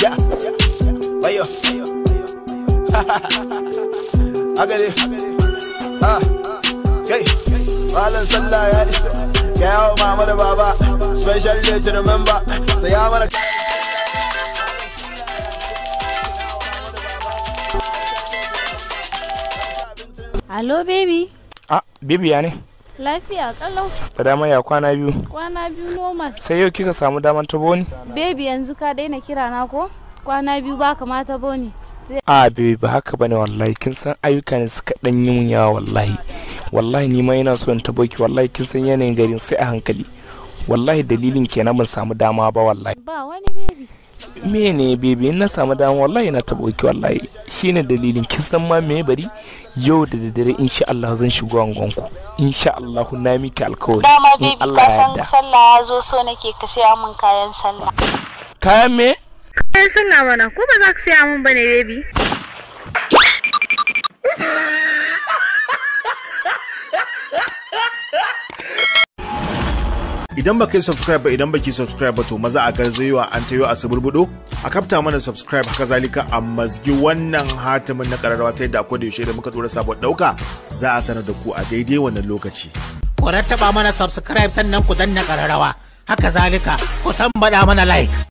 Yeah. Bayo. Agade. Ah. Kai. Malam sallah ya isa. Ga yawo mama da baba. Special day to remember. Sai ya mana Hello baby. Ah, baby ya ne? Lafiya kalau. Da dama ya kwana biyu. Kwana biyu normal. Sai yau kika samu daman tabo ni? Baby yanzu ka daina kira na ko? Kwana biyu ba kamata bo ni. A ah, baby ba haka bane wallahi kin san ayyuka ne suka dan yi mun yawa wallahi. Wallahi ni ma ina son tabo ki wallahi kin san yanayin garin sai a hankali. Wallahi dalilin kenan ban samu dama ba wallahi. Ba wani baby. me ne bebe na samu dama wallahi na taɓa oki wallahi shine dalilin kin san ma me bari yau da daddare insha Allah zan shigo angonku insha Allah na miki alkawari dama bebe ka san sallah ya zo so nake ka saya min kayan sallah kayan me kayan sallah mana ko ba za ka saya min bane bebe idan baka yi subscribe ba idan baki subscribe ba to maza a garzayowa an tayo a suburbudo a kafta mana subscribe haka zalika a mazgi wannan hatimin na kararwa ta yadda ko da yaushe da muka tura sabon dauka za a sanar da ku a daidai wannan lokaci ku rattaba mana subscribe sannan ku danna kararrawa haka zalika ku san bada mana like